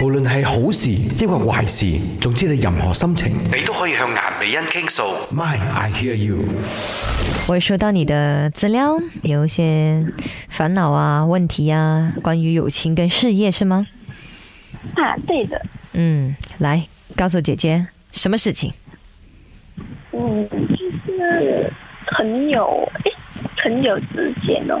無論係好事抑或壞事，總之你任何心情，你都可以向顏美欣傾訴。My, I hear you。我收到你的資料，有一些煩惱啊、問題啊，關於友情跟事業，是嗎？啊，對的。嗯，來告訴姐姐什麼事情。嗯，就是很有，欸、很有事情哦。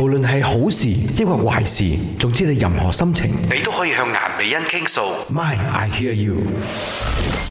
無論係好事抑或壞事，總之你任何心情，你都可以向顏美欣傾訴。My, I hear you.